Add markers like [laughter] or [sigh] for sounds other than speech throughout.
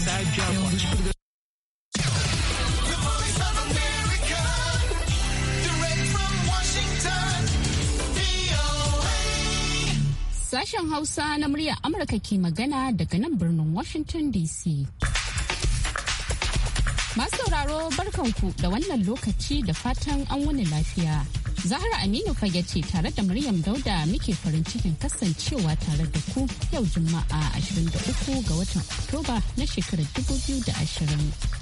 Sashen Hausa na murya Amurka ke magana daga nan birnin Washington DC. Masu sauraro barkanku da wannan lokaci da fatan an wani lafiya. Zahra Aminu fage ce tare da Maryam Dauda muke farin cikin kasancewa tare da ku yau Juma'a 23 ga watan Oktoba na shekarar 2020.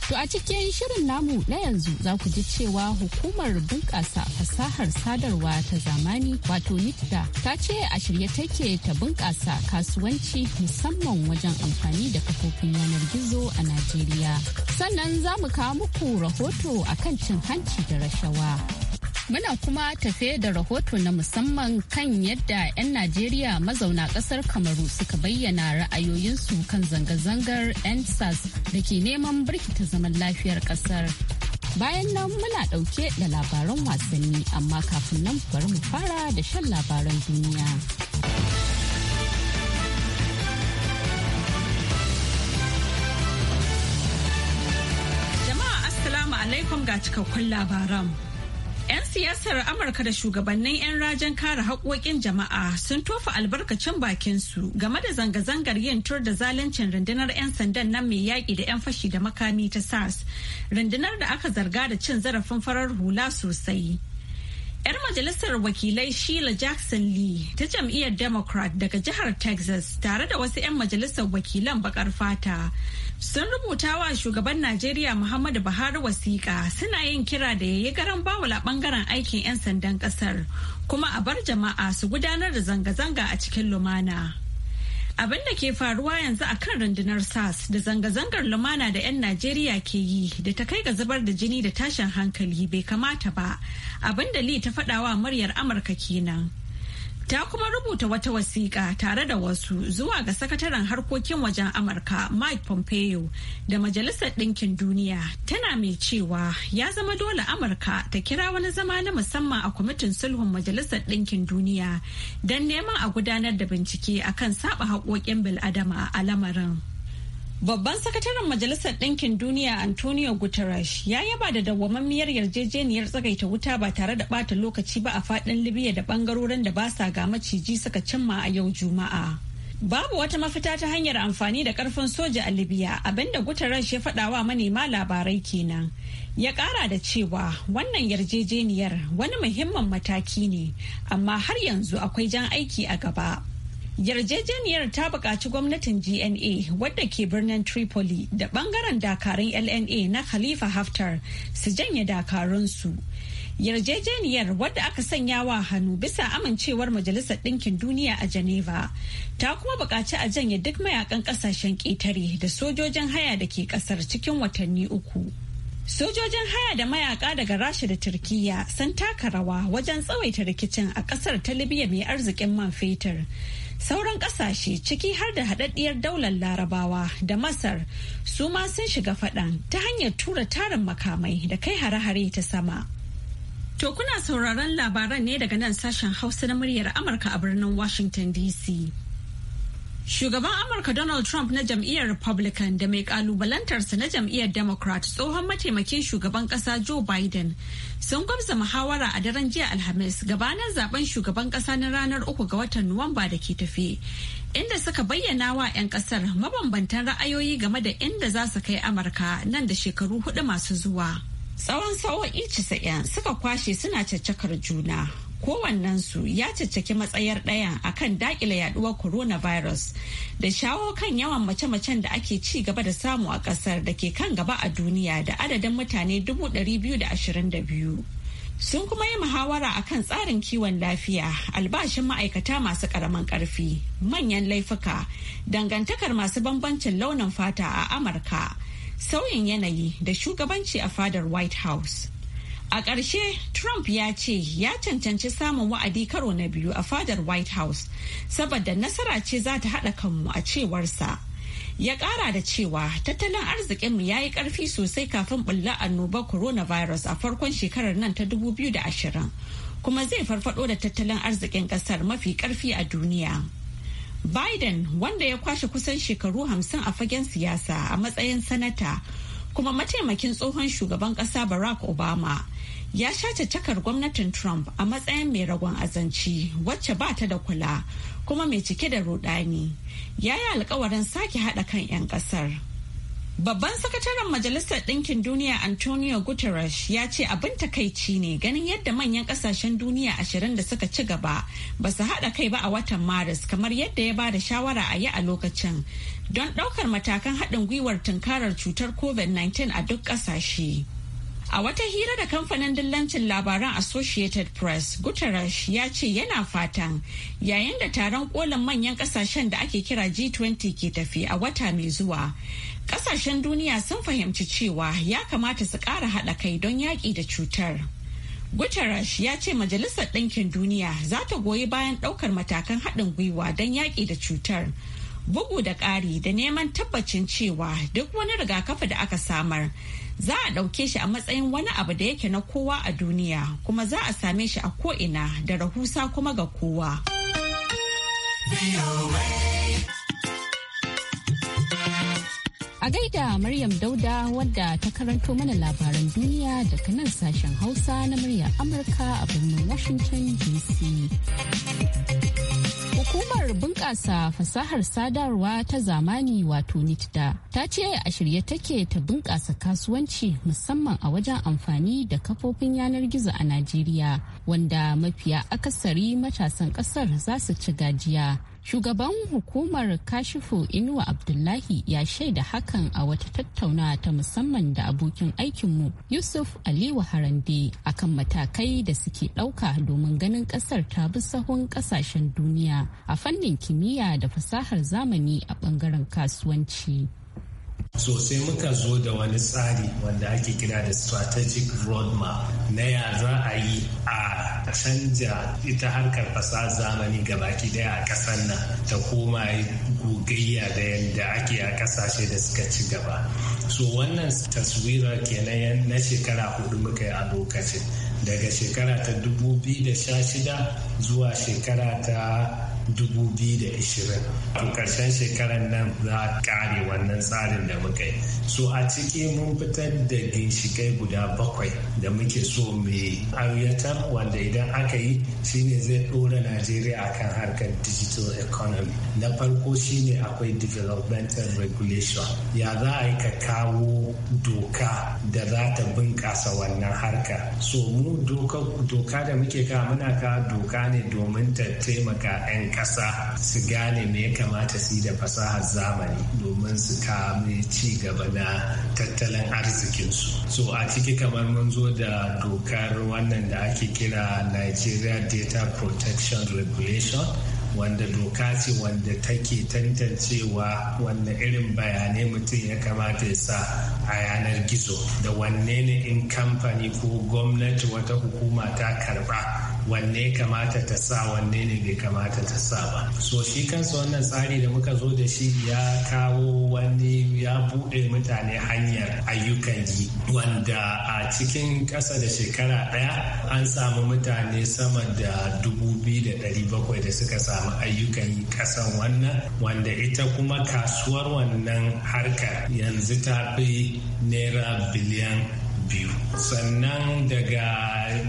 To a cikin shirin namu na yanzu za ku ji cewa hukumar bunƙasa fasahar sadarwa ta zamani wato NITDA ta ce a shirye take ta bunƙasa kasuwanci musamman wajen amfani da kafofin yanar gizo a Najeriya. Sannan za mu kawo muku rahoto akan cin hanci da rashawa. Muna kuma tafe da rahoto na musamman kan yadda 'yan Najeriya mazauna ƙasar Kamaru suka bayyana ra'ayoyinsu kan zanga-zangar NSAS da ke neman birkita zaman lafiyar ƙasar. Bayan nan muna ɗauke da labaran wasanni amma kafin nan bari mu fara da shan labaran duniya. Jama'a Assalamu alaikum ga cikakkun labaran. siyasar Amurka da shugabannin 'yan rajin kare haƙoƙin jama'a sun tofa albarkacin bakin su game da zanga-zangar yin tur da zaluncin rundunar 'yan sandan nan mai yaƙi da 'yan fashi da makami ta SARS. Rundunar da aka zarga da cin zarafin farar hula sosai. 'Yar majalisar wakilai Sheila Jackson Lee ta jam'iyyar Democrat daga jihar Texas tare da wasu 'yan majalisar wakilan bakar fata sun rubuta wa shugaban Najeriya Muhammadu Buhari wasiƙa suna yin kira da yayi garan bawul a bangaren aikin 'yan sandan ƙasar kuma a bar jama'a su gudanar da zanga-zanga a cikin lumana. abin da ke faruwa yanzu a kan rundunar sas da zanga-zangar lumana da 'yan najeriya ke yi da ta kai ga zubar da jini da tashin hankali bai kamata ba abin da lee ta faɗawa muryar amurka kenan. Ta kuma rubuta wata wasiƙa tare da wasu zuwa ga sakataren harkokin wajen Amurka Mike Pompeo da Majalisar Ɗinkin Duniya tana mai cewa ya zama dole Amurka ta kira wani zama na musamman a kwamitin sulhun Majalisar Ɗinkin Duniya don neman a gudanar da bincike akan saba haƙoƙin bil'adama a lamarin. Babban sakataren Majalisar Ɗinkin Duniya Antonio Guterres ya yaba da dawwammamiyar yarjejeniyar tsagaita wuta ba tare da ɓata lokaci ba a faɗin Libya da bangarorin da ba sa ga maciji suka cimma a yau Juma'a. Babu wata mafita ta hanyar amfani da ƙarfin soja a Libya abinda Guterres ya faɗawa manema labarai kenan. Ya ƙara da cewa wannan yarjejeniyar wani muhimmin mataki ne, amma har yanzu akwai jan aiki a gaba. Yarjejeniyar ta buƙaci gwamnatin GNA wadda ke birnin Tripoli da bangaren dakarun LNA na Khalifa Haftar su janye dakarunsu. Yarjejeniyar wadda aka sanya wa hannu bisa amincewar Majalisar Ɗinkin Duniya a Geneva ta kuma buƙaci a janye duk mayakan ƙasashen ƙetare da sojojin haya da ke ƙasar cikin watanni uku. Sojojin haya da mayaka daga Rasha da Turkiyya sun taka rawa wajen tsawaita rikicin a ƙasar ta Libya mai arzikin man fetur. Sauran kasashe ciki har da haɗaɗɗiyar daular larabawa da Masar su ma sun shiga faɗan ta hanyar tura tarin makamai da kai hare-hare ta sama. To kuna sauraron labaran ne daga nan sashen Hausa na muryar Amurka a birnin Washington DC. Shugaban Amurka Donald Trump na jam'iyyar Republican da mai kalubalantarsa na jam'iyyar Democrat tsohon mataimakin shugaban kasa Joe Biden sun gwamza muhawara a daren jiya Alhamis gabanin zaben shugaban kasa na ranar uku ga watan Nuwamba da ke tafi, Inda suka bayyana wa 'yan kasar mabambantan ra'ayoyi game da inda za su kai Amurka nan da shekaru hudu masu zuwa. Tsawon sa'o'i casa'in suka kwashe suna caccakar juna. su ya caccaki matsayar ɗayan akan dakile yaduwar coronavirus da shawo kan yawan mace-macen da ake ci gaba da samu a ƙasar da ke kan gaba a duniya da adadin mutane 222. sun kuma yi muhawara a kan tsarin kiwon lafiya albashin ma'aikata masu ƙaramin ƙarfi manyan laifuka dangantakar masu bambancin launin fata a amurka sauyin yanayi da shugabanci a fadar White House. A ƙarshe, Trump ya ce ya cancanci samun wa'adi karo na biyu a fadar White House, saboda nasara ce za ta haɗa kanmu a cewarsa. Ya ƙara da cewa tattalin arzikinmu ya yi ƙarfi sosai kafin ɓulla annobar coronavirus a farkon shekarar nan ta 2020, kuma zai farfado da tattalin arzikin ƙasar mafi ƙarfi a duniya. Biden wanda ya kwashe kusan shekaru hamsin a fagen siyasa a matsayin sanata kuma mataimakin tsohon shugaban kasa Barack Obama ya sha cakar gwamnatin Trump a matsayin mai ragon azanci wacce ba ta da kula kuma mai cike da rudani. Ya yi alkawarin sake haɗa kan 'yan ƙasar. Babban sakataren Majalisar Ɗinkin Duniya Antonio Guterres ya ce abin takaici ne ganin yadda manyan ƙasashen duniya ashirin da suka ci gaba ba su haɗa kai ba a watan Maris kamar yadda ya ba da shawara a yi a lokacin don ɗaukar matakan haɗin gwiwar tunkarar cutar COVID-19 a duk ƙasashe. A wata hira da kamfanin dillancin labaran Associated Press, Guterres ya ce yana fatan yayin da taron kolin manyan kasashen da ake kira G20 ke tafi a wata mai zuwa. Kasashen duniya sun fahimci cewa ya kamata su ƙara haɗa kai don yaƙi da cutar. Guterres ya ce Majalisar Ɗinkin Duniya za ta goyi bayan ɗaukar matakan haɗin gwiwa don yaƙi da cutar. Bugu da ƙari da neman tabbacin cewa duk wani rigakafi da aka samar za a ɗauke shi a matsayin wani abu da yake na kowa a duniya kuma za a same shi a ko'ina da rahusa kuma ga kowa. A gaida Maryam Dauda wadda ta karanto mana labaran duniya daga nan sashen Hausa na murya Amurka a birnin Washington DC. Hukumar bunƙasa fasahar sadarwa ta zamani wato NITDA ta ce a shirye take ta bunƙasa kasuwanci musamman a wajen amfani da kafofin yanar gizo a Najeriya wanda mafiya akasari matasan ƙasar za su ci gajiya. shugaban hukumar kashifu inuwa abdullahi ya shaida hakan a wata tattaunawa ta musamman da abokin aikinmu yusuf aliyu harande akan matakai da suke ɗauka domin ganin ƙasar ta bi sahun ƙasashen duniya a fannin kimiyya da fasahar zamani a ɓangaren kasuwanci so sai muka zo da wani tsari wanda ake kira da strategic roadmap na ya za a yi a canja ita harkar fasaha zamani gabaki daya a ƙasar nan ta koma gogayya da yadda ake a ƙasashe da suka ci gaba so wannan taswira kenan na shekara hudu muka yi a lokacin daga shekara ta 2016 zuwa shekara ta 2020 a ƙarshen shekarar nan za a ƙare wannan tsarin da muka yi so a ciki mun fitar da ginshikai guda bakwai da muke so mai ayyatar wanda idan aka yi shine zai ɗora najeriya a kan harkar digital economy na farko shine akwai developmental regulation ya za a yi ka kawo doka da za ta bunƙasa wannan harka so mu doka da muke ka muna ka doka ne domin ta taimaka 'yan Kasa su gane me ya kamata su yi da fasahar zamani domin su kame ci gaba na tattalin arzikinsu so a ciki kamar mun zo da dokar wannan da ake kira nigeria data protection regulation wanda doka ce wanda take tantancewa wanda irin bayanai mutum ya kamata ya sa a yanar gizo da wanne ne in kamfani ko gwamnati wata hukuma ta karba wanne kamata ta sa wanne ne bai kamata ta sa ba so shi kansa wannan tsari da muka zo da shi ya kawo wani ya buɗe mutane hanyar ayyukan yi wanda a cikin ƙasa da shekara ɗaya an samu mutane sama da dubu biyu da ɗari bakwai da suka samu ayyukan yi ƙasan wannan wanda ita kuma kasuwar wannan harkar yanzu ta fi naira biliyan biyu sannan daga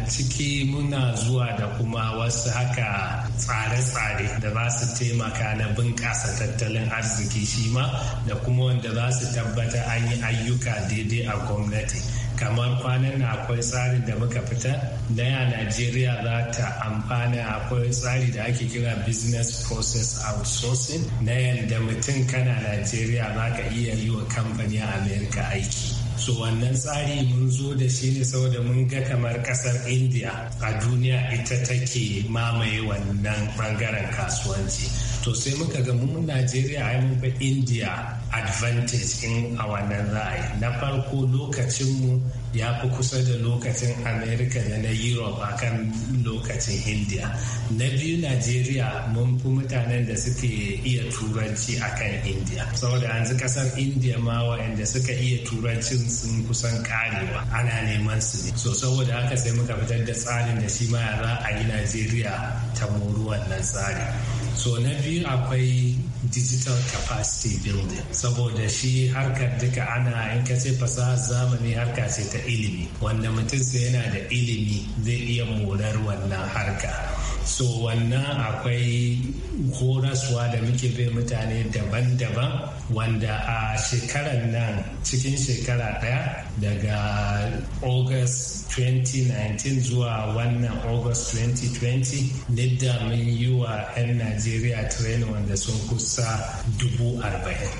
ciki muna zuwa da kuma wasu haka tsare-tsare da za su taimaka na bunƙasa tattalin arziki shi ma da kuma wanda za su tabbata an yi ayyuka daidai a gwamnati kamar kwanan na akwai tsarin da muka fita na ya najeriya za ta amfana akwai tsari da ake kira business process outsourcing na yadda mutum kana najeriya za ka iya yi wa kamfani a amerika aiki so wannan tsari mun zo da shi ne saboda mun ga kamar kasar india a duniya ita take mamaye wannan bangaren kasuwanci to sai muka ga mu najeriya ai mun fi india advantage in a wannan ra'ayi na farko lokacin mu ya fi kusa da lokacin america da na europe akan lokacin india na biyu najeriya mun fi mutanen da suke iya turanci akan india saboda yanzu kasar india ma wa'anda suka iya turanci sun kusan karewa ana neman su ne so saboda haka sai muka fitar da tsarin da shi ma za a yi najeriya ta moru wannan tsari so na biyu akwai digital capacity building saboda shi harkar duka ana in ka ce fasaha, zamani harka ce ta ilimi wanda mutum sai yana da ilimi zai iya morar wannan harka so wannan akwai horaswa da muke bai mutane daban-daban wanda a shekarar nan cikin shekara daya daga august 2019 zuwa wannan august 2020 lidda mun yi wa 'yan najeriya training wanda sun kusa kusa dubu arba'in.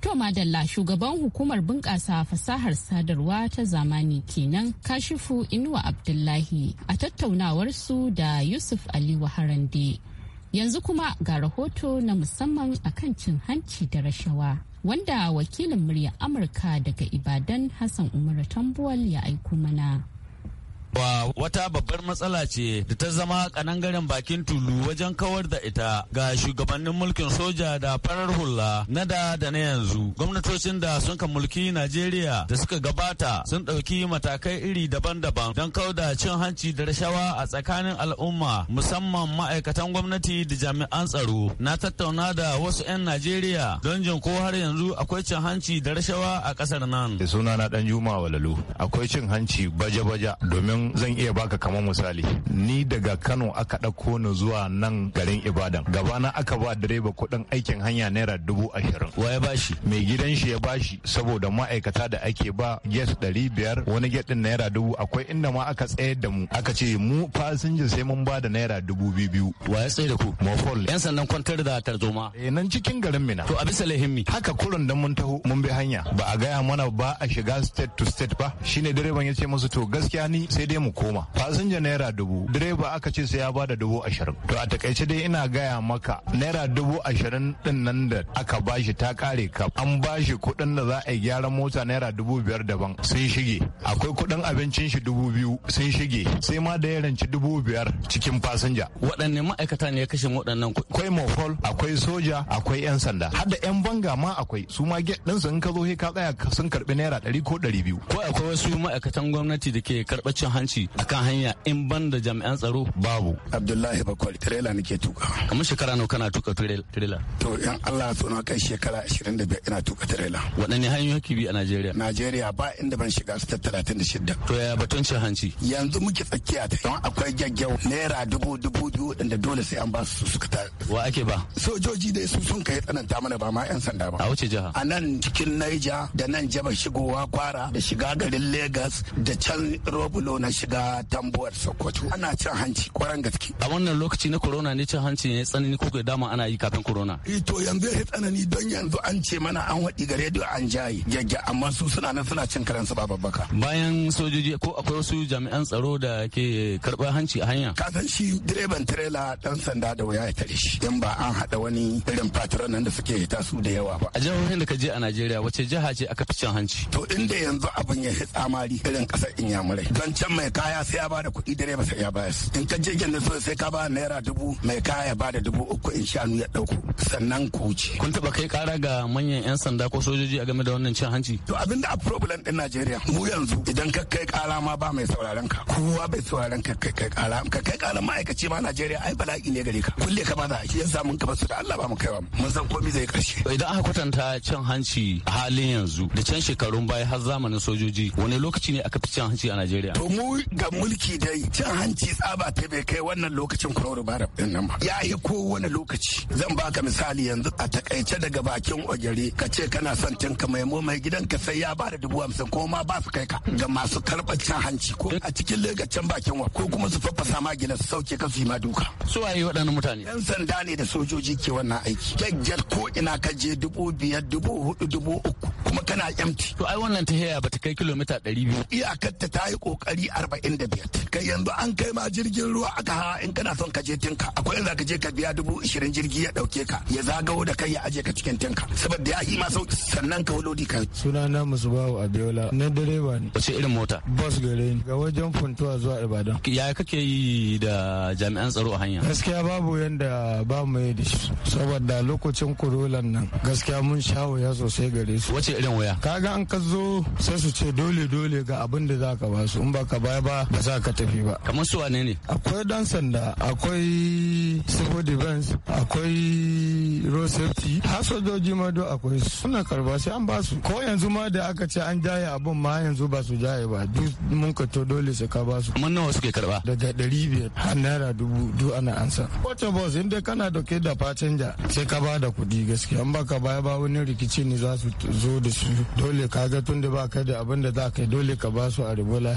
To Madalla shugaban hukumar bunƙasa fasahar sadarwa ta zamani kenan kashifu Inuwa Abdullahi a tattaunawar su da Yusuf Ali Waharande. Yanzu kuma ga rahoto na musamman a kan cin hanci da rashawa wanda wakilin murya Amurka daga Ibadan Hassan Umar Tambuwal ya aiko mana. Wa wata babbar matsala ce da ta zama kanangaren bakin tulu wajen kawar da ita ga shugabannin mulkin soja da farar hula na da da na yanzu gwamnatocin da sun ka mulki najeriya da suka gabata sun ɗauki matakai iri daban-daban don da cin hanci da rashawa a tsakanin al'umma musamman ma'aikatan gwamnati da jami'an tsaro na tattauna da wasu 'yan najeriya don jin ko har yanzu akwai cin hanci da rashawa a ƙasar nan sunana ɗan juma walalu akwai cin hanci baje-baje domin don zan iya baka kamar misali ni daga kano aka ɗauko ni zuwa nan garin ibadan gaba na aka ba direba kuɗin aikin hanya naira dubu ashirin wa ya bashi mai gidan shi ya bashi saboda ma'aikata da ake ba gas ɗari biyar wani get ɗin naira dubu akwai inda ma aka tsayar da mu aka ce mu fasinja sai mun ba da naira dubu biyu biyu wa ya tsaye da ku mofol yan sandan kwantar da tarzoma eh nan cikin garin mina to a bisa lahimmi haka kurun da mun taho mun bi hanya ba a gaya mana ba a shiga state to state ba shine direban ya ce musu to gaskiya ni sai daidai mu koma fasinja naira dubu direba aka ce sai ya bada dubu ashirin to a takaice dai ina gaya maka naira dubu ashirin din nan da aka bashi ta kare ka an bashi kuɗin da za a yi gyaran mota naira dubu biyar daban sun shige akwai kuɗin abincin shi dubu biyu sun shige sai ma da ya ranci dubu biyar cikin fasinja waɗanne ma'aikata ne ya kashe waɗannan akwai mofol akwai soja akwai yan sanda har da yan banga ma akwai su ma get sun ka zo ka tsaya sun karbi naira ɗari ko ɗari biyu ko akwai wasu ma'aikatan gwamnati da ke karɓar cin hanci kan hanya in ban da jami'an tsaro babu abdullahi bakwal tirela nake tuka kamar shekara nawa kana tuka tirela to yan allah so na kai shekara 25 ina tuka tirela waɗanne hanyoyi kibi bi a najeriya najeriya ba inda ban shiga su ta 36 to ya batun cin hanci yanzu muke tsakiya ta don akwai gaggau naira dubu dubu biyu da dole sai an ba su suka ta wa ake ba sojoji dai su sun kai tsananta mana ba ma yan sanda ba a wuce jiha a nan cikin naija da nan jaba shigowa kwara da shiga garin lagos da can robulo na na shiga tambuwar sokoto ana cin hanci kwaran gaske a wannan lokaci na corona ne cin hanci ne tsanani ko ga dama ana yi kafin corona e, to yanzu ya tsanani don yanzu an ce mana an waɗi ga rediyo an jaye gyagya amma su suna nan suna cin karansu ba babbaka bayan sojoji ko akwai wasu jami'an tsaro da ke karɓar hanci a hanya kasan shi direban tirela dan sanda da waya ya tare shi dan ba an haɗa wani irin patron nan da suke hita su da yawa ba a jihohin da ka je a Najeriya wace jiha ce aka fi cin hanci to inda yanzu abin ya hitsamari irin ƙasar Inyamurai don can mai kaya sai ya ba da kuɗi dare masa ya bayar in ka je gyan so sai ka ba naira dubu mai kaya ya ba da dubu uku in shanu ya ɗauko sannan ku wuce. kun taɓa kai ƙara ga manyan 'yan sanda ko sojoji a game da wannan cin hanci. to abin da a problem ɗin najeriya mu yanzu idan ka kai ƙara ma ba mai sauraron ka kowa bai sauraron ka kai kai ƙara ka kai ƙara ma'aikaci ma najeriya ai bala'i ne gare ka kulle ka ba za shi yasa mun kaba su da allah ba mu kaiwa mun san komi zai ƙarshe. idan aka kwatanta cin hanci halin yanzu da can shekarun baya har zamanin sojoji wani lokaci ne aka fi cin hanci a najeriya. to mu ga mulki dai cin hanci tsaba ta bai kai wannan lokacin kwauru ba din nan ba ya yi kowane lokaci zan baka misali yanzu a takaice daga bakin ogere ka ce kana son ka mai mai gidanka sai ya ba da dubu hamsin ko ma ba su kai ka ga masu karɓar cin hanci ko a cikin lokacin bakin wa ko kuma su faffasa ma gina su sauke ka su yi ma duka su waye waɗannan mutane yan sanda ne da sojoji ke wannan aiki gyaggyar ko ina ka je dubu biyar dubu hudu dubu uku kuma kana yamti to ai wannan ta ba ta kai kilomita ɗari biyu iyakar ta ta yi ƙoƙari arba'in da biyar kai yanzu an kai ma jirgin ruwa aka ha in kana son ka je tinka akwai in za ka je ka biya dubu ishirin jirgi ya ɗauke ka ya zagawo da kai ya aje ka cikin tinka saboda ya yi ma sau sannan ka wulodi ka suna na musu a abiola na direba ne wace irin mota bus gare ni ga wajen funtuwa zuwa ibadan ya kake yi da jami'an tsaro a hanya gaskiya babu yanda ba mu yi da shi saboda lokacin kurolan nan gaskiya mun sha wuya sosai gare su wace irin waya kaga an ka zo sai su ce dole dole ga abin da za ka ba su in ba ka ba baya ba ba za ka tafi ba kamar su wane ne akwai dan sanda akwai civil defense akwai road safety har sojoji ma do akwai suna karba sai an ba su ko yanzu ma da aka ce an jaye abun ma yanzu ba su jaye ba duk mun ka to dole su ka ba su kamar nawa suke karba daga ɗari biyar har naira dubu duk ana ansa wata in dai kana dauke da fasinja sai ka ba da kuɗi gaskiya an baka baya ba wani rikici ne za su zo da su dole ka ga tun da ba ka da abin da za ka yi dole ka ba su a ribola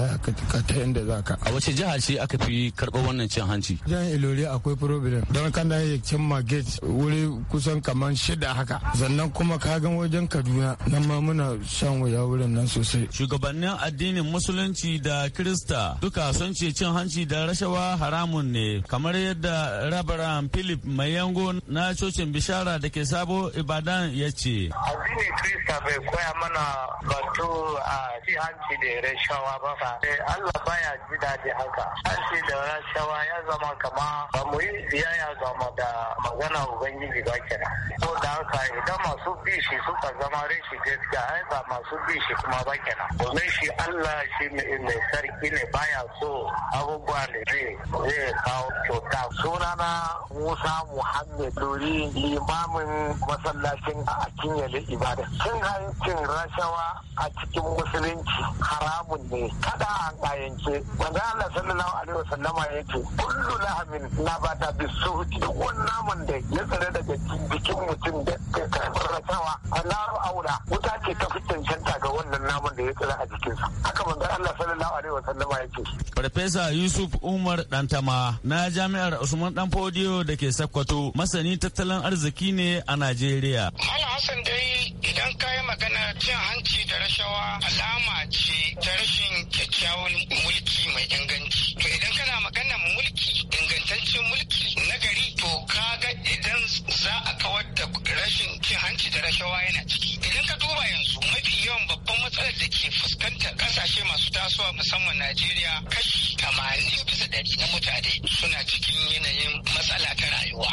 ka ta inda za ka. A wace jiha ce aka fi karɓar wannan cin hanci? Jihar Ilori akwai problem don kana ya cimma gate wuri kusan kamar shida haka. Sannan kuma ka gan wajen Kaduna nan ma muna shan wuya wurin nan sosai. Shugabannin addinin Musulunci da Kirista duka sun ce cin hanci da rashawa haramun ne kamar yadda Rabaran Philip Mayango na cocin bishara da ke sabo Ibadan ya ce. Addinin Kirista bai koya mana batu a ah, cin hanci da rashawa ba fa. Eh, Allah baya ji daɗi haka an ce da rashawa ya zama kama ba mu yi biyayya zama da magana ubangiji ba kenan ko da haka idan masu bi shi suka zama rashi gaskiya ai ba masu bi shi kuma ba kenan domin shi Allah shi mai sarki ne baya so abubuwa da zai kawo kyauta sunana Musa Muhammad Dori limamin masallacin a kinyale ibada cin hancin rashawa a cikin musulunci haramun ne kada an a yanke manzo Allah sallallahu alaihi ya yace kullu lahamin na bata bisuti duk wani naman da ya tsare daga jikin mutum da ke karfarrasawa annaru aula wuta ce ta fitan shanta ga wannan naman da ya tsare a jikinsa haka manzo Allah sallallahu alaihi ya ce farfesa Yusuf Umar Dantama na jami'ar Usman Danfodiyo da ke Sokoto masani tattalin arziki ne a Najeriya Ana Hassan dai Idan ka yi magana cin hanci da rashawa alama ce ta rashin kyakkyawan mulki mai inganci. To idan kana maganar mulki ingantaccen mulki na gari to ga idan za a kawar da rashin cin hanci da rashawa yana ciki. Idan ka duba yanzu mafi yawan babban matsalar da ke fuskantar kasashe masu tasowa musamman Najeriya kashi tamanin bisa ɗari na mutane suna cikin yanayin matsala ta rayuwa.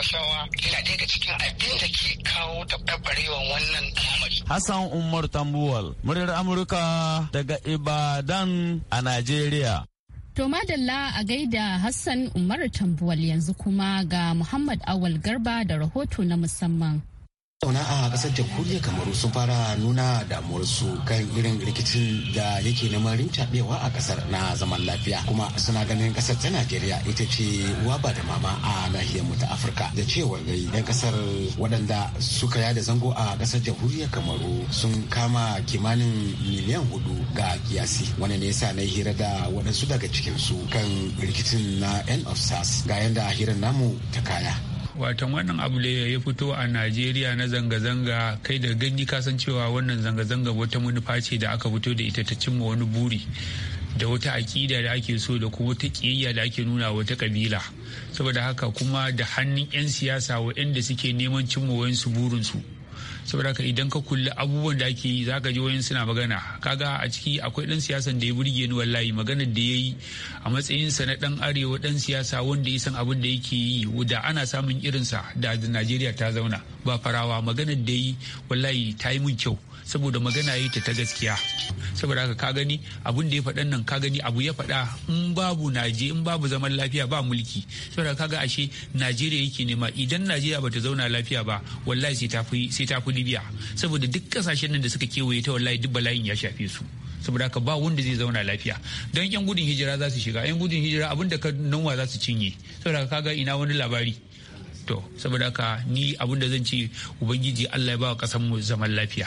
rashawa yana daga cikin abin da ke kawo taɓarɓarewan wannan al'amari. Hassan Umar Tambuwal, muryar Amurka daga Ibadan a Najeriya. To madalla a gaida Hassan Umar Tambuwal yanzu kuma ga Muhammad Awal Garba da rahoto na musamman. Zauna a kasar jamhuriyar Kamaru sun fara nuna damuwarsu kan irin rikicin da yake neman rincaɓewa a kasar na zaman lafiya kuma suna ganin kasar ta Najeriya ita ce waba da mama a nahiyar mu ta Afirka da cewa gai yan kasar waɗanda suka da zango a kasar jamhuriyar Kamaru sun kama kimanin miliyan hudu ga kiyasi wani ne yasa na hira da waɗansu daga cikinsu kan rikicin na end of SARS ga yanda hirar namu ta kaya. watan wannan abu da ya fito a najeriya na zanga-zanga kai da gani kasan cewa wannan zanga-zanga wata manufa ce da aka fito da ita ta cimma wani buri da wata aƙida da ake so da kuma wata ƙiyayya da ake nuna wata ƙabila saboda haka kuma da hannun 'yan siyasa waɗanda suke neman cimma wayansu su. saboda ka idan ka kulli abubuwan da ake yi zaka ji wayan suna magana kaga a ciki akwai dan siyasan da ya burge ni wallahi magana da yayi a matsayin sa na dan arewa dan siyasa wanda ya san abin da yake yi da ana samun irin sa da Najeriya ta zauna ba farawa magana da yayi wallahi ta yi mun kyau saboda magana yi ta gaskiya saboda haka ka gani abun da ya faɗan nan ka gani abu ya faɗa in babu naje in babu zaman lafiya ba mulki saboda kaga ashe najeriya yake nema idan najeriya bata zauna lafiya ba wallahi sai ta fi sai ta fi libya saboda duk kasashen nan da suka kewaye ta wallahi duk bala'in ya shafe su saboda haka ba wanda zai zauna lafiya don yan gudun hijira za su shiga yan gudun hijira abin da ka nanwa za su cinye saboda kaga ina wani labari to saboda haka ni abin da zan ce ubangiji allah ya ba wa mu zaman lafiya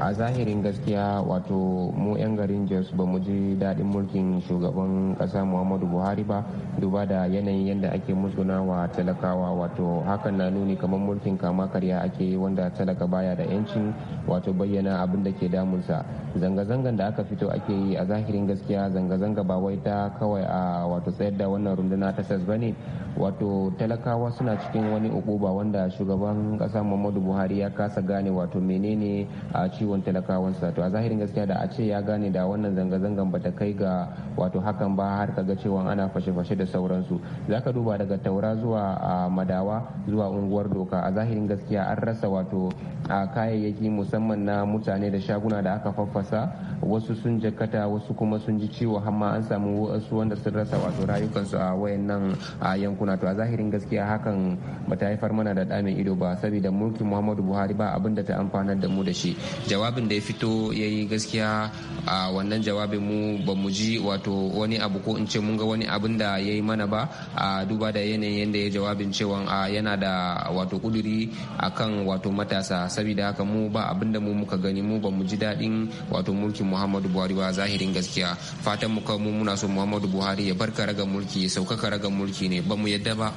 a zahirin gaskiya wato mu 'yan garin jos ba mu ji daɗin mulkin shugaban ƙasa muhammadu buhari ba duba da yanayin yadda ake musguna wa talakawa wato hakan na nuni kamar mulkin kama karya ake wanda talaka baya da 'yancin wato bayyana abin da ke damunsa zanga-zangan da aka fito ake yi a zahirin gaskiya zanga-zanga ba wai ta kawai a wato tsayar da wannan runduna ta sas ba ne wato talakawa suna cikin wani ukuba wanda shugaban ƙasa muhammadu buhari ya kasa gane wato menene a ciwo ciwon talakawansa to a zahirin gaskiya da a ce ya gane da wannan zanga-zangan ba ta kai ga wato hakan ba har ka ga cewa ana fashe-fashe da sauransu za ka duba daga taura zuwa madawa zuwa unguwar doka a zahirin gaskiya an rasa wato a kayayyaki musamman na mutane da shaguna da aka faffasa wasu sun jakata wasu kuma sun ji ciwo amma an samu wasu wanda sun rasa wato rayukansu a wayannan yankuna to a zahirin gaskiya hakan bata haifar mana da ɗa ido ba saboda mulkin muhammadu buhari ba abin da ta amfanar da mu da shi jawabin da ya fito ya yi gaskiya a wannan jawabin mu ba mu ji wato wani abu ko in ce mun ga wani abin da ya yi mana ba a duba da yanayin yadda ya jawabin cewa yana da wato kuduri a kan wato matasa saboda haka mu ba abin da mu muka gani mu ba mu ji daɗin wato mulkin muhammadu buhari ba zahirin gaskiya fatan mu mu muna so muhammadu buhari ya barka raga mulki ya saukaka raga mulki ne ba mu yadda ba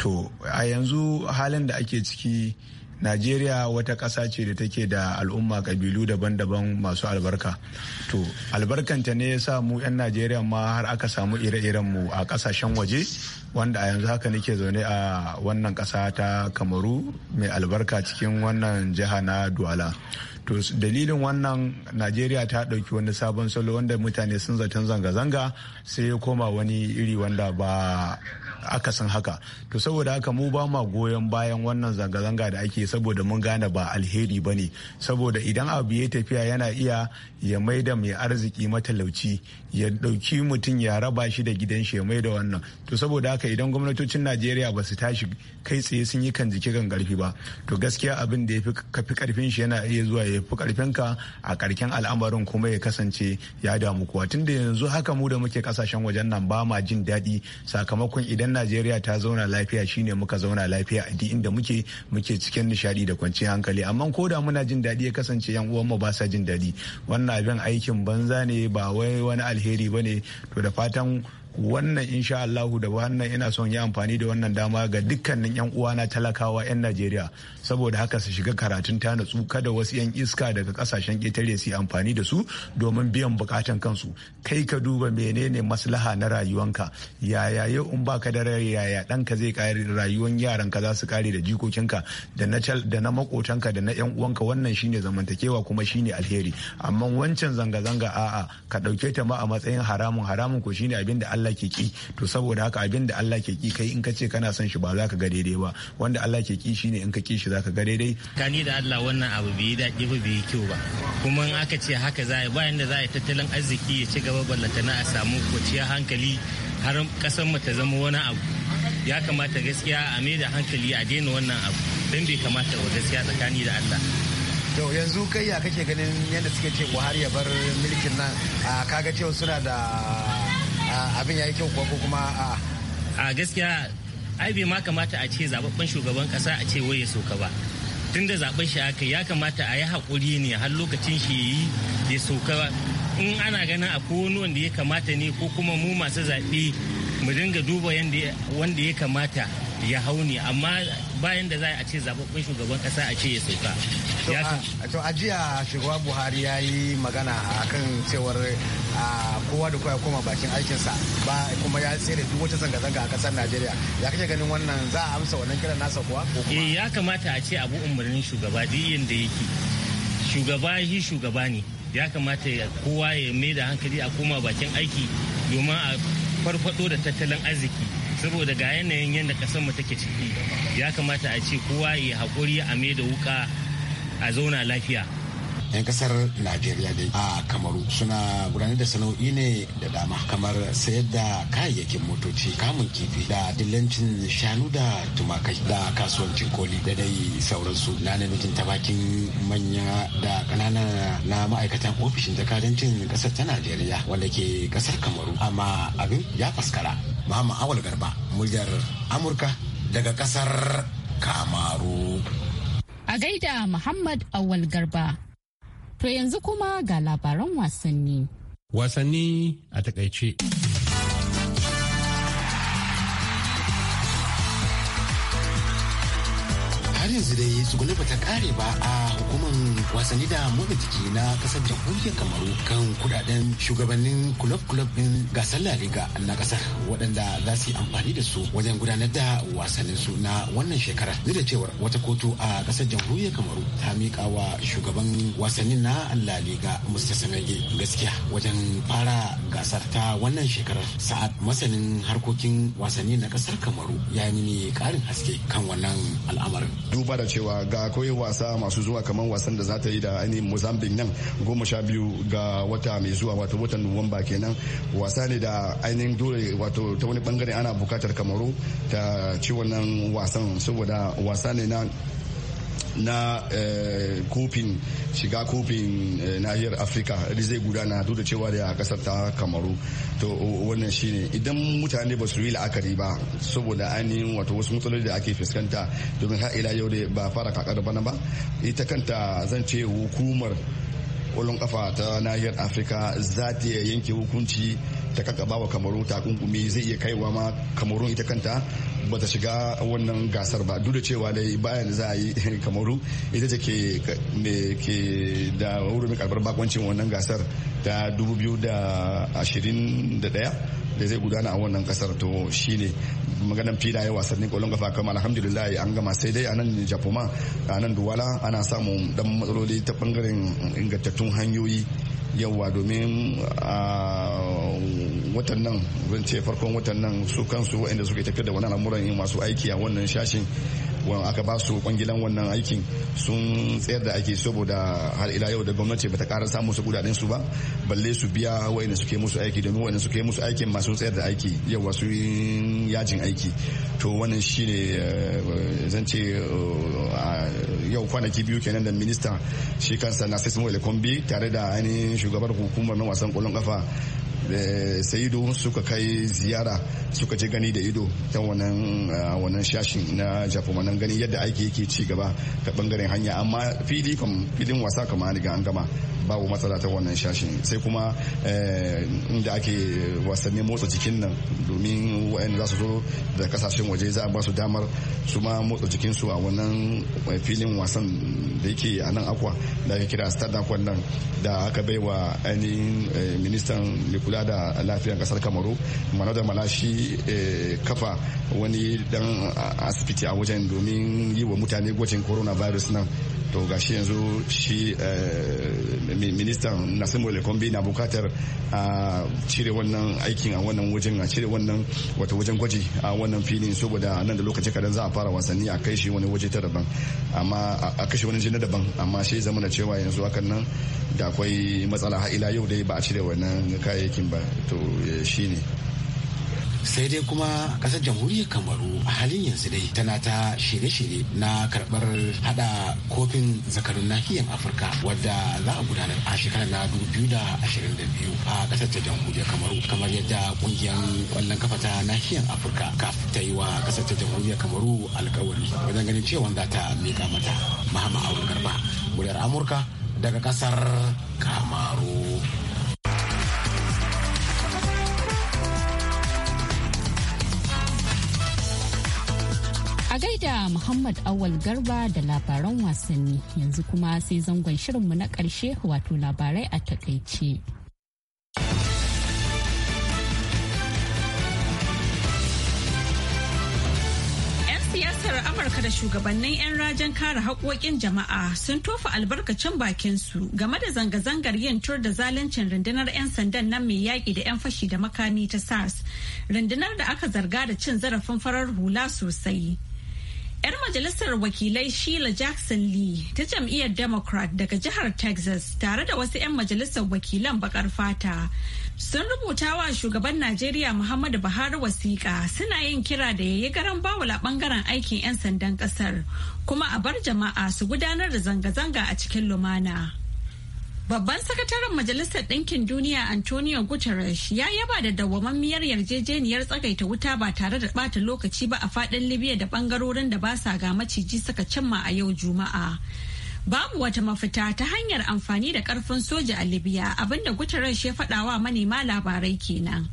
to a yanzu halin da ake ciki najeriya wata ƙasa ce da take da al'umma ƙabilu daban-daban masu albarka to albarkanta ne ya sa mu 'yan najeriya ma har aka samu ire-iren mu a ƙasashen waje wanda a yanzu haka nake zaune a wannan ƙasa ta kamaru mai albarka cikin wannan jiha na duala to dalilin wannan najeriya ta dauki wani sabon salo wanda mutane sun zaton zanga-zanga sai ya koma wani iri wanda ba akasin haka to saboda haka mu ba ma goyon bayan wannan zanga-zanga da ake saboda mun gane ba alheri ba ne saboda idan abu ya tafiya yana iya ya mai da mai arziki matalauci ya dauki mutum ya raba shi da gidan shi ya maida wannan to saboda haka idan gwamnatocin najeriya ba su tashi kai tsaye sun yi kan jiki kan karfi ba to gaskiya abin da ya fi karfin shi yana iya zuwa ya ya fi karfinka a karken al'amarin kuma ya kasance ya damu kuwa tun da yanzu haka mu da muke kasashen wajen nan ba ma jin daɗi sakamakon idan najeriya ta zauna lafiya shine muka zauna lafiya a duk inda muke muke cikin nishadi da kwanciyar hankali amma ko da muna jin daɗi ya kasance yan uwan mu ba sa jin daɗi wannan abin aikin banza ne ba wai wani alheri bane to da fatan wannan insha Allahu da wannan ina son yi amfani da wannan dama ga dukkanin yan uwana talakawa yan Najeriya saboda haka su shiga karatun ta natsu kada wasu yan iska daga kasashen ƙetare su yi amfani da su domin biyan bukatan kansu kai ka duba menene maslaha na rayuwanka yaya yau in baka da yaya ɗanka zai kare rayuwan ka za su kare da jikokinka da na da na makotanka da na yan uwanka wannan shine zamantakewa kuma shine alheri amma wancan zanga-zanga a'a ka ɗauke ta ma a matsayin haramun haramun ko shine abin da Allah Allah ke ki to saboda haka abin da Allah ke ki kai in ka ce kana son shi ba za ka ga daidai ba wanda Allah ke ki shine in ka ki shi za ka ga daidai ni da Allah wannan abu bai daɗi ba bai kyau ba kuma in aka ce haka za a bayan da za a tattalin arziki ya ci gaba na a samu kwanciyar hankali har kasan mu ta zama wani abu ya kamata gaskiya a mai da hankali a daina wannan abu don bai kamata wa gaskiya tsakani da Allah to yanzu kai ya kake ganin yadda suke ce buhari ya bar mulkin nan kaga cewa suna da abin ya yi kyau ko kuma a a gaskiya ai ma kamata a ce zababben shugaban kasa a ce waye so ka ba tun da zaben shi aka ya kamata a yi haƙuri ne har lokacin shi yi ya soka in ana ganin a wani wanda ya kamata ne ko kuma mu masu zaɓe mu dinga duba wanda ya kamata ya hauni amma bayan da za a ce zaɓaɓɓen shugaban ƙasa a ce ya sauka. To a jiya shugaban Buhari ya yi magana a kan cewar kowa da kowa koma bakin aikinsa ba kuma ya tsere duk wata zanga-zanga a ƙasar Najeriya. Ya kake ganin wannan za a amsa wannan kiran nasa kuwa? kuma. Eh, ya kamata a ce abu umarnin shugaba duk yadda yake. Shugaba shi shugaba ne. Ya kamata kowa ya mai da hankali a koma bakin aiki domin a farfado da tattalin arziki saboda ga yanayin yadda mu take ciki ya kamata a ce kowa ya haƙuri a mai da wuka a zauna lafiya 'yan kasar najeriya dai a kamaru suna gudanar da sana'o'i ne da dama kamar sayar da kayayyakin motoci kamun kifi da dillancin shanu da tumakai da kasuwancin koli da dai sauransu na ta tabakin manya da kanana na ma'aikatan ofishin jakadancin kasar ta najeriya wanda ke kasar kamaru amma abin ya faskara muhammad awal garba muryar amurka daga kasar kamaru a gaida muhammad awal garba To yanzu kuma ga labaran wasanni. Wasanni a takaice. yanzu dai tsuguni ba ta kare ba a hukumar wasanni da motsa jiki na kasar jamhuriyar kamaru kan kudaden shugabannin kulob-kulob din gasar la na kasar waɗanda za su yi amfani da su wajen gudanar da wasannin su na wannan shekarar duk da cewar wata kotu a kasar jamhuriyar kamaru ta miƙa wa shugaban wasannin na la liga musta sanage gaskiya wajen fara gasar ta wannan shekarar sa'ad masanin harkokin wasanni na kasar kamaru ya yi ne ƙarin haske kan wannan al'amarin duba da cewa ga akwai wasa masu zuwa kamar wasan da za ta yi da ainihin mozambique nan goma sha biyu ga wata mai zuwa wato watan nuwamba kenan wasa ne da ainihin dole wato ta wani bangare ana bukatar kamaru ta ci wannan wasan saboda wasa ne na na eh, kofin shiga kofin eh, nahiyar afirka zai gudana duk da cewa da kasar ta kamaru to wannan shine idan mutane ba su yi la'akari ba saboda ainihin wato wasu matsaloli da ake fuskanta domin har yau da ba fara kakar bana ba ita kanta zan ce hukumar kwallon kafa ta nahiyar afirka za ta yanke hukunci ta kaka bawa kamaru takunkumi zai iya kaiwa ma kamaru ita kanta ba ta shiga wannan gasar ba duk da cewa dai bayan za a yi [laughs] kamaru ita ce ke da wurin karbar bakoncin wannan gasar ta 2021 da zai gudana a wannan kasar to shine maganan filaye wasannin kwallon kafa kama alhamdulillah an gama sai dai a nan japoma a nan duwala ana samun dan matsaloli ta bangaren ingantattun hanyoyi yauwa domin ah, watan nan zan ce farkon watan nan su kansu waɗanda suke tafiyar da wani al'amuran masu aiki a wannan shashin wa aka ba su kwangilan wannan aikin sun tsayar da ake saboda har ila yau da gwamnati bata ƙara samu su kudaden su ba balle su biya waɗanda suke musu aiki domin waɗanda suke musu aikin masu tsayar da aiki yawa su yajin aiki to wannan shine eh, zan ce eh, yau kwanaki biyu kenan da minista shi kansa na sismo elekombi tare da ainihin shugabar hukumar na wasan kwallon kafa Eh, sai saido suka kai ziyara suka je gani da ido ta wannan ah, wannan shashin na wannan gani yadda aiki yake ci gaba ta bangaren hanya amma fili kam filin wasa kama riga an gama babu matsala ta wannan shashin sai kuma eh, inda ake wasanni motsa jikin nan domin wa'anda za su zo da kasashen waje za a ba su damar su ma motsa su a wannan eh, filin wasan da yake a nan akwa da ake kira stade nan da aka baiwa ainihin ministan kula da lafiyar kasar kamaru mana da mana shi eh, kafa wani dan asibiti a wajen domin yi wa mutane gwajin coronavirus nan to gashi yanzu shi eh, ministan nasimu lekombi na bukatar a cire wannan aikin a wannan wajen a cire wannan wata wajen gwaji a wannan filin saboda nan da lokaci kadan za a fara wasanni a kai shi wani waje ta daban amma a kashe wani jini daban amma shi zama da cewa yanzu hakan nan da akwai matsala ha ila yau dai ba a cire wannan kayayyakin din ba to eh, shi ne sai dai kuma kasar jamhuriyar kamaru a halin yanzu dai tana ta shirye-shirye na karbar hada kofin zakarun nahiyar afirka wadda za a gudanar a shekarar na biyu a kasar ta jamhuriyar kamaru kamar yadda kungiyar kwallon kafa ta nahiyar afirka ka ta yi wa kasar ta jamhuriyar kamaru alkawari wajen ganin cewa za ta mika mata mahama aure garba muryar amurka daga kasar kamaru da Muhammad Awal Garba da labaran wasanni yanzu kuma sai zangon shirinmu na ƙarshe wato labarai a takaice. siyasar amurka da shugabannin 'yan rajin kare haƙoƙin jama'a sun tofa albarkacin bakinsu game da zanga-zangar yin tur da zaluncin rundunar 'yan sandan nan mai yaƙi da 'yan fashi da makami ta sars rundunar da aka zarga da cin zarafin farar hula sosai 'Yar majalisar wakilai Sheila Jackson Lee ta jam'iyyar Democrat daga jihar Texas tare da wasu 'yan majalisar wakilan bakar fata sun rubuta wa shugaban Najeriya Muhammadu Buhari wasiƙa suna yin kira da yayi garan bawul a bangaren aikin 'yan sandan ƙasar kuma a bar jama'a su gudanar da zanga-zanga a cikin lumana. Babban sakataren Majalisar Ɗinkin Duniya Antonio Guterres ya yaba da dawwammamiyar yarjejeniyar tsagaita wuta ba tare da ɓata lokaci ba a faɗin Libya da ɓangarorin da ba sa ga maciji suka cimma a yau Juma'a. Babu wata mafita ta hanyar amfani da ƙarfin soja a Libya abinda Guterres ya faɗawa manema labarai kenan.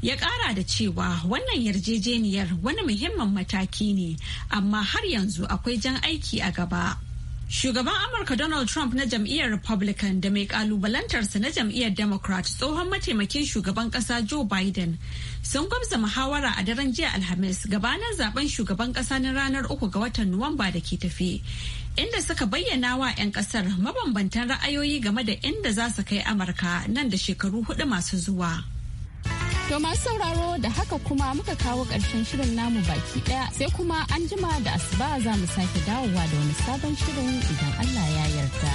Ya ƙara da cewa wannan yarjejeniyar wani muhimmin mataki ne, amma har yanzu akwai jan aiki a gaba. Shugaban Amurka Donald Trump na jam'iyyar Republican da mai kalubalantarsa na jam'iyyar Democrat tsohon mataimakin shugaban kasa Joe Biden sun gwamza muhawara a daren jiya Alhamis gabanin zaben shugaban kasa na ranar uku ga watan Nuwamba da ke tafi. Inda suka bayyana wa 'yan kasar mabambantan ra'ayoyi game da inda za su kai Amurka nan da shekaru hudu masu zuwa. To masu sauraro da haka kuma muka kawo ƙarshen shirin namu baki ɗaya sai kuma an jima da asuba za mu sake dawowa da wani sabon shirin idan Allah ya yarda.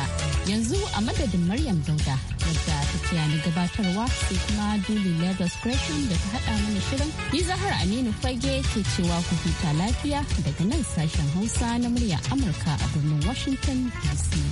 Yanzu a madadin Maryam Dauda wadda ta ni gabatarwa sai kuma Julie Lagos Creation da ta haɗa mana shirin. Ni Zahar Aminu Fage ke cewa ku huta lafiya daga nan sashen Hausa na murya Amurka a birnin Washington DC.